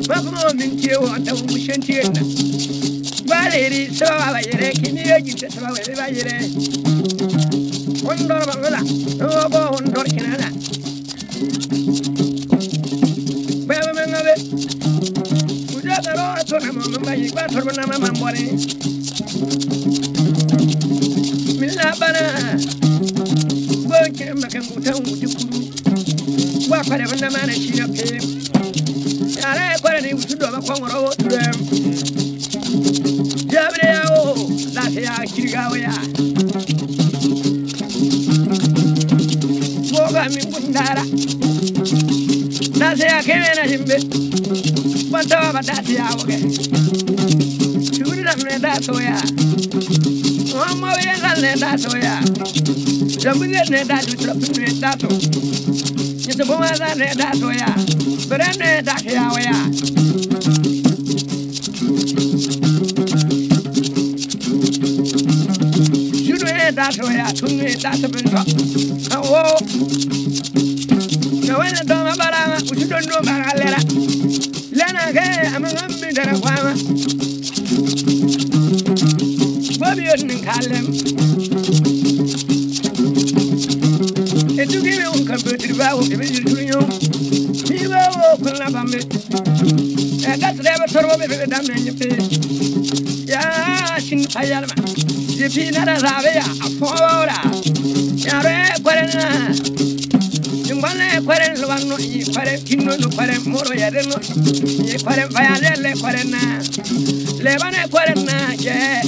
bakro min kewa da mushante na baleri sawa yere kini yaji ta sawa yere ba yere hondor bangala o bo hondor kinana baba mangabe uja taro to na mama mai ba tor na mama mbore milla bana bo kin makan gutan gutukuru wa fara wannan mana shi na fe kwamuro tudem jabre o la se a kirgawa ya moga na se a na himbe kwanta ba da se a woge tudu da mne da na ne da soya jamu ne ne da du ne da to Nyese ne da soya Berene da kiawa to ya tunwe tata pinfa wo kawana to ma barama usudo ndo magalera lana ke amangambi dara kwama bobi yon kalem etugi me un kambetir bawo ebe jirtunyo mi bawo kunna bambe e gasrebe torbo be be damne nyipe ya shin ayalma jipinara rabia afora yare cuarenta jungwale kwaren cuarenta yi cuarenta kinno no y moro yare no yi vaya bayale le kwarena lebane cuarenta je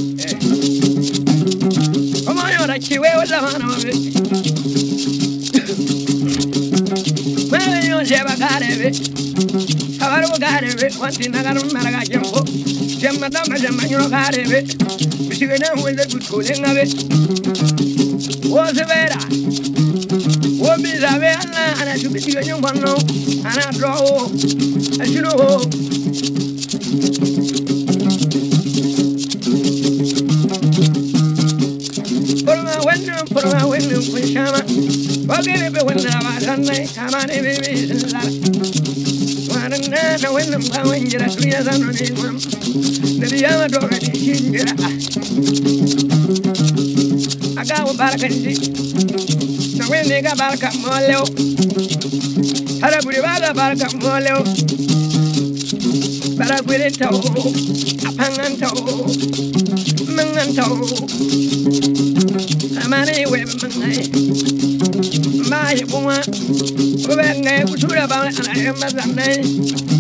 como yo la chiwe la mano me me yo lleva garebe kabaru garebe wanti nagaru naraga Jama dama jama nyoro kare be. Bishige na huwele kutkulenga be. Wose vera. Wobi zabe ana ana shubishige nyongwano. Ana drawo. Ashiro ho. Porma wennum porma wennum kunshama. Wagere be wenna ba sanai kamane be be sanara na wannan bawan gida su ya zano ne gurin da biya ma dora ne tau a fangan tau mangan tau amare we mangai ba yi kuma ko ben ne kusura ba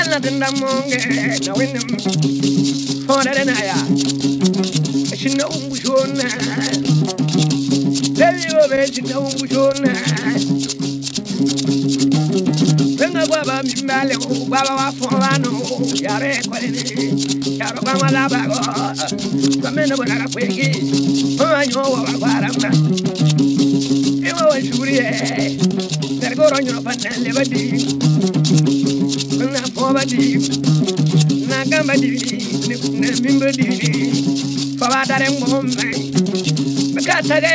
I'm I are. Tell kana dinda monge na winim you. dena ya shinna ungu shona lebi obe shinna ungu shona benga gwaba mimbale gwaba wa fowano yare kwalene yaro kwa mwala bago kamena bonara kwegi manyo wa wakwarama iwa wa shuriye nergoro nyo panele badingu badiri naka badiri na min badiri faba tare ngom mai baka tare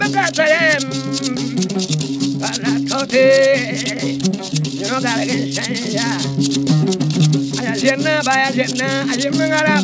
baka tare ala tote yo gara ke shanya aya jenna baya jenna ayemngara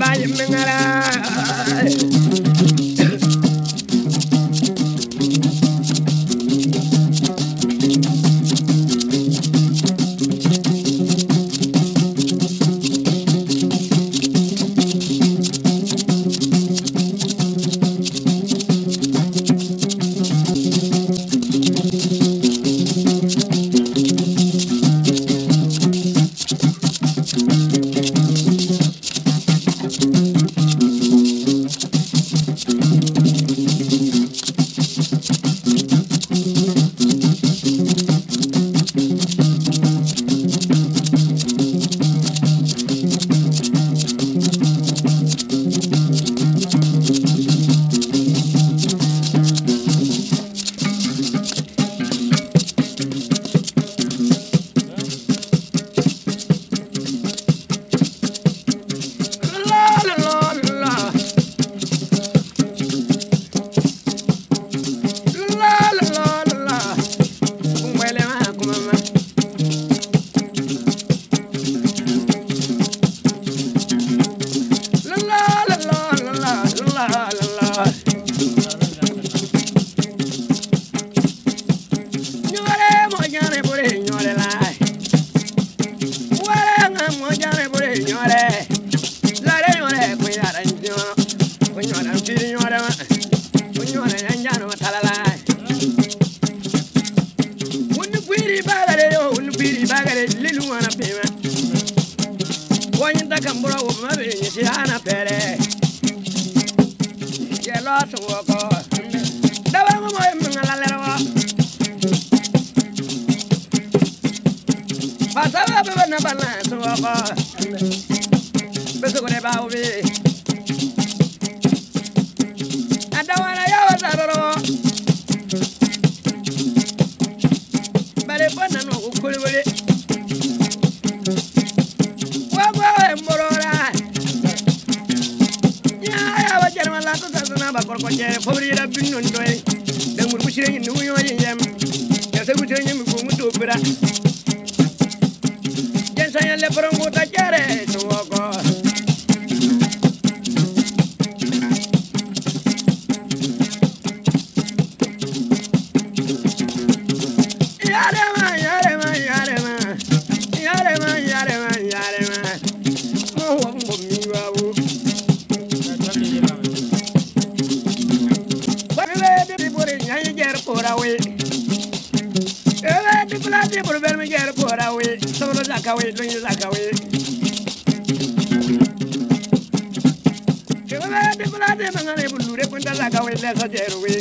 loo tuwo ko dabarŋo moy maŋala lerwo basawa bebe na bana tuwo ko besugune I'm la bin non doy da ngur bu sire i jeer not wi ewe dipla dibul ben mi jeer poora wi sobro zaka wi luñu zaka wi ewe to dibul ngane bulure kunta zaka wi lesa jeer wi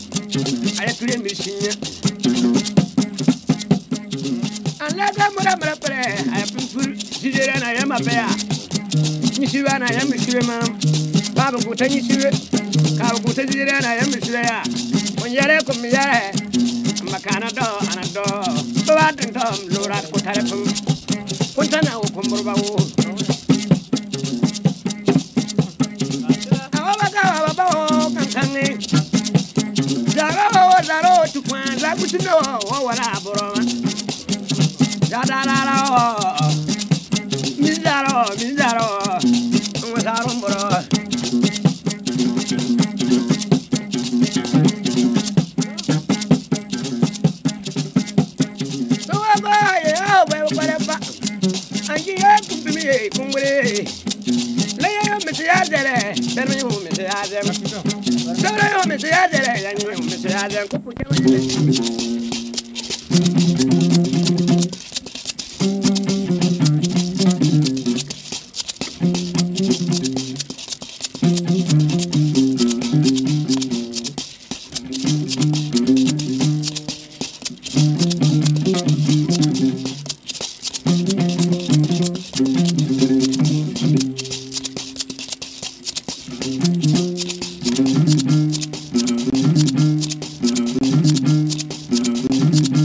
ayakire mi sinya anada mura mura pere ayapimpur sidere na yama peya nyisiwe na yama siwe ma babu kuta nyisiwe kabu kuta sidere na yama siwe ya onyere kumiyare makana do anado bawa tintom lura kutare pum kuntana ukumburba u labuti ne wa wa wala aburo ma dadarara wa mizaro mizaro nwesaro mburo sowa ba ye awe kwere ba anji ye kumpimi ye kumbere leye yo misi ya dere bermi yo misi ya dere sore yo misi ya dere yanyo yo misi ya dere kupu Thank you.